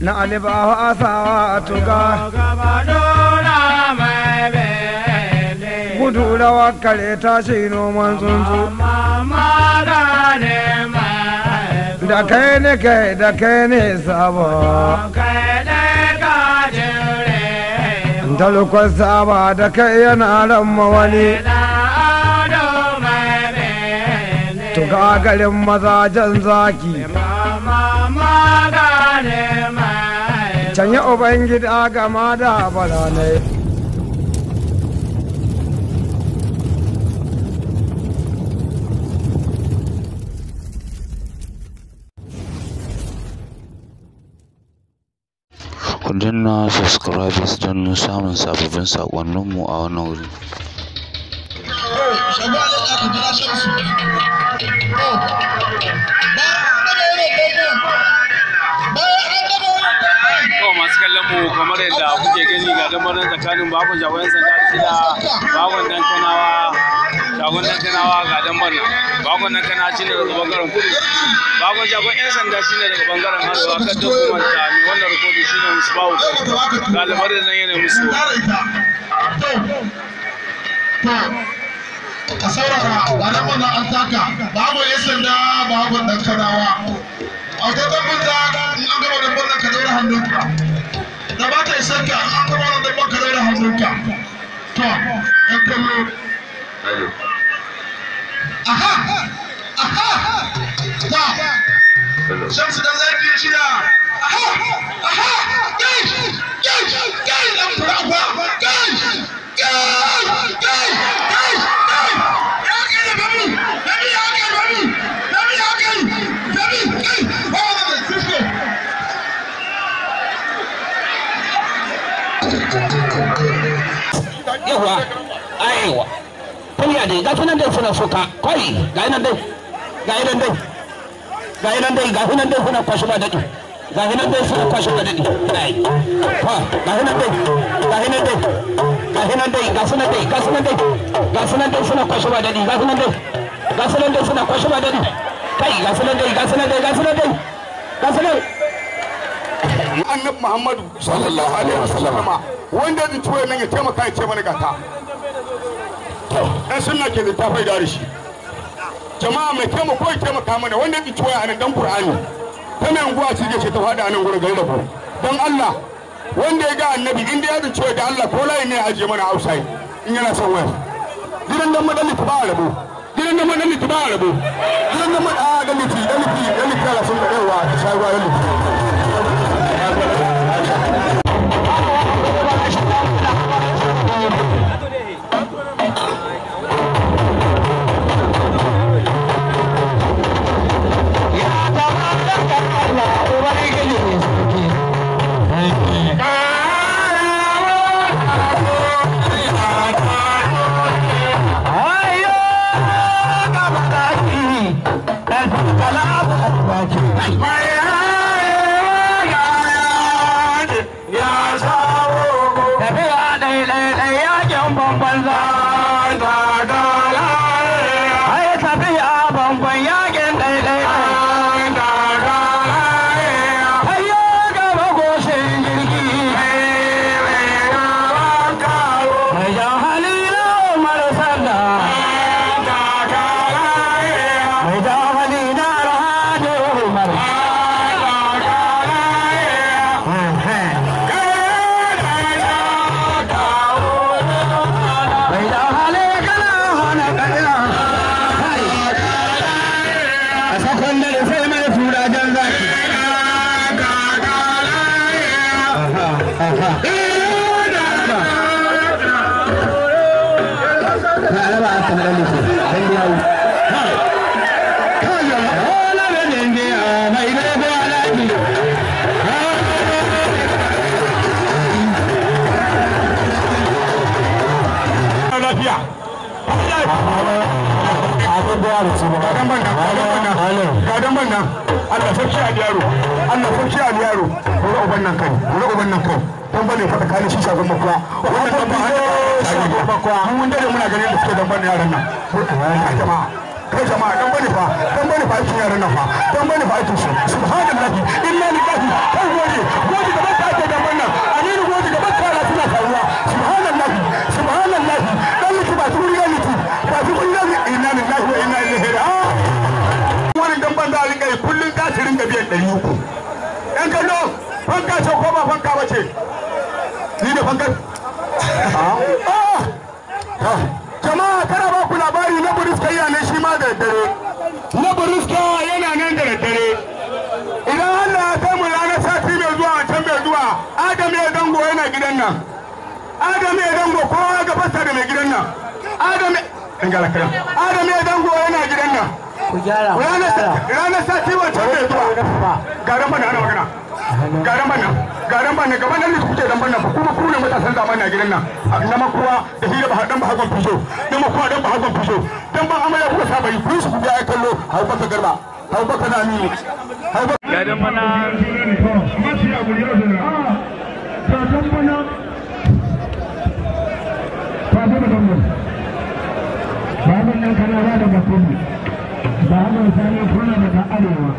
na alibawa asawa tuga gudu rawa kare tashi noman tsuntsu da kai ne kai da kai ne sabo talukon saba da kai yana ran mawani tuga garin jan zaki canyi ubangida gama da balanai ku danna subscribers don samun sababbin sakonninmu a wannan wuri kallon mu kamar yadda kuke gani ga damar tsakanin bakon shagon sanda da shida bakon dan kanawa shagon dan kanawa ga damar nan bakon dan kanawa shine daga bangaren kudu bakon shagon yan sanda shine daga bangaren arewa kan duk manta mai wannan rikodi shine musu bawo ga lamarin nan yana musu ka saurara ga damar nan an taka bakon yan sanda bakon dan kanawa a wajen banza in an gama da banza ka daura hannunka da ba ta isar ka an kuma wani dama ka zaura hannunka to an kallo aha aha da shamsu dan zaki shida aha aha gai gai gai an fura ana so ka kai ga nan dai ga nan dai ga nan dai ga nan dai kuna kwashi ba dadi ga nan dai suna kwashi ba dadi ha ga nan dai ga nan dai ga nan dai ga sunan dai ga sunan dai ga sunan dai suna kwashi ba dadi ga sunan dai ga sunan dai suna kwashi ba dadi kai ga sunan dai ga sunan dai ga sunan dai ga sunan annabi muhammadu sallallahu alaihi wasallam wanda ya tuwaye nan ya taimaka ya ce mana gata ɗan sunna ke littafai da shi jama'a mai taimako ya taimaka mana wanda ya waya a nan dan qur'ani ta mai unguwa ce ce ta faɗa a nan gurin gari ku don allah wanda ya ga annabi in da ya zuci da allah ko layi ne ya ajiye mana outside in yana son waya gidan dan madalli ta ba a rabo gidan dan madalli ta ba rabo gidan dan madalli ta ba a rabo gidan dan madalli ta ba rabo Bye. kan dan yi da dange mai da Allah sarki a yaro Allah sarki a yaro wani uban kai wani uban kai dan bane fa tsakanin shi shagon makwa wannan dan ba shagon makwa mun da muna ganin da suke dan bane yaran nan jama'a kai jama'a dan bane fa dan bane fa aikin yaran nan fa dan bane fa aikin su subhanallahi inna lillahi kai gode gode da baka ake dan wannan aminu gode da baka ra suna faruwa subhanallahi subhanallahi dan liki ba su gurga liki ba su gurga inna lillahi wa inna ilaihi raji'un wannan dan banda rinka kullun ka rinka biyan 300 yan kallo fanka ce ko ba fanka ba ce ni da fankar ah! ah! jama'a tana ba ku labari na buriska yana shi ma da daddare na buriska yana nan da daddare idan allah ya kai mu ranar sati mai zuwa can mai zuwa adam ya dango yana gidan nan adam ya dango kowa ga fasta da mai gidan nan adam adam ya dango yana gidan nan ku ranar sati wancan mai zuwa garin bana ana magana garin bana ga ba ban gaban nan da kuke dan ban nan fa kuma ku ne matasan zamani a gidan nan na makuwa da hira ba dan ba hakan fusho na makuwa dan ba hakan fusho dan ban amara kuka saba yi kun su ku ga ai kallo hau baka garba hau baka na aminu hau baka ga dan bana Baban nan kana ba da bakon ba, ba sani kuna daga arewa.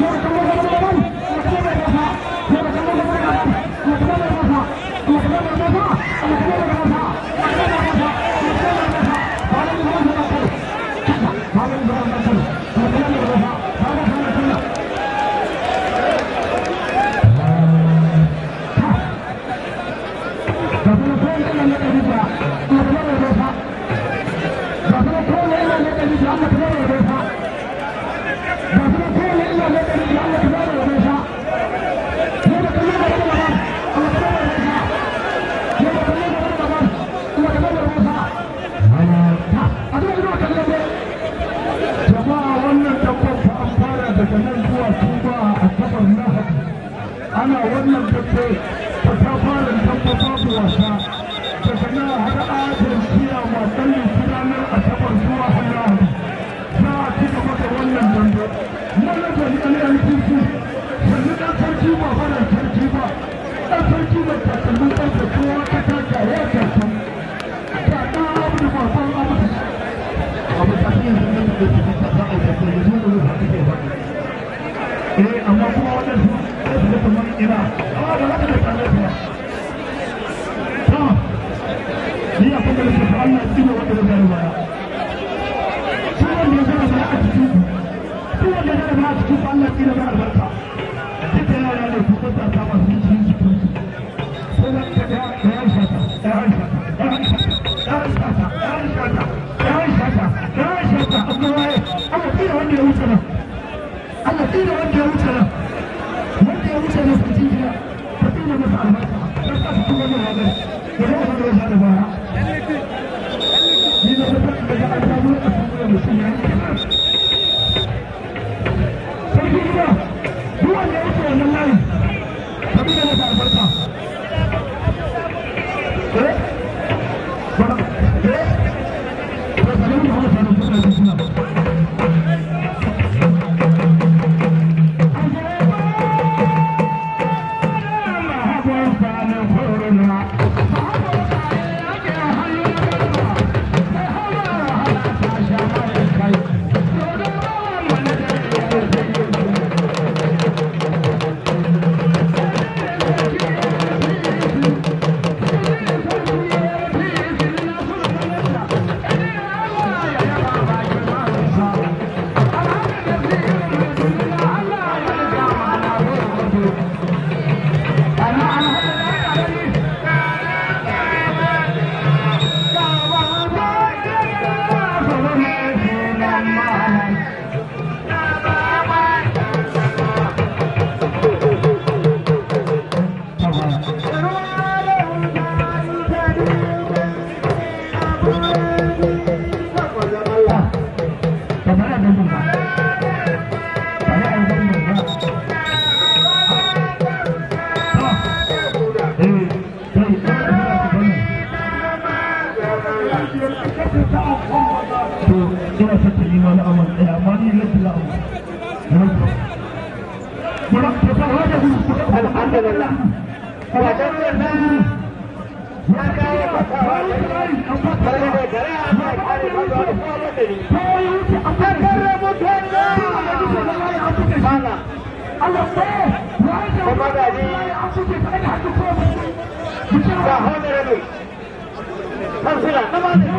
Yes, Thank لي والأمل إعمالي لك الأمل الحمد لله وجل الله يا كاية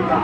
الله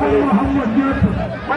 Muhammad Yusuf da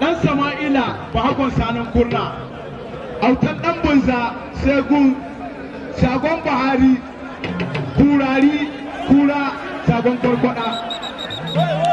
dan sama'ila ba hakon sanin kurna autan dan bunza sai gun shagon buhari kurari kura shagon kwarkwada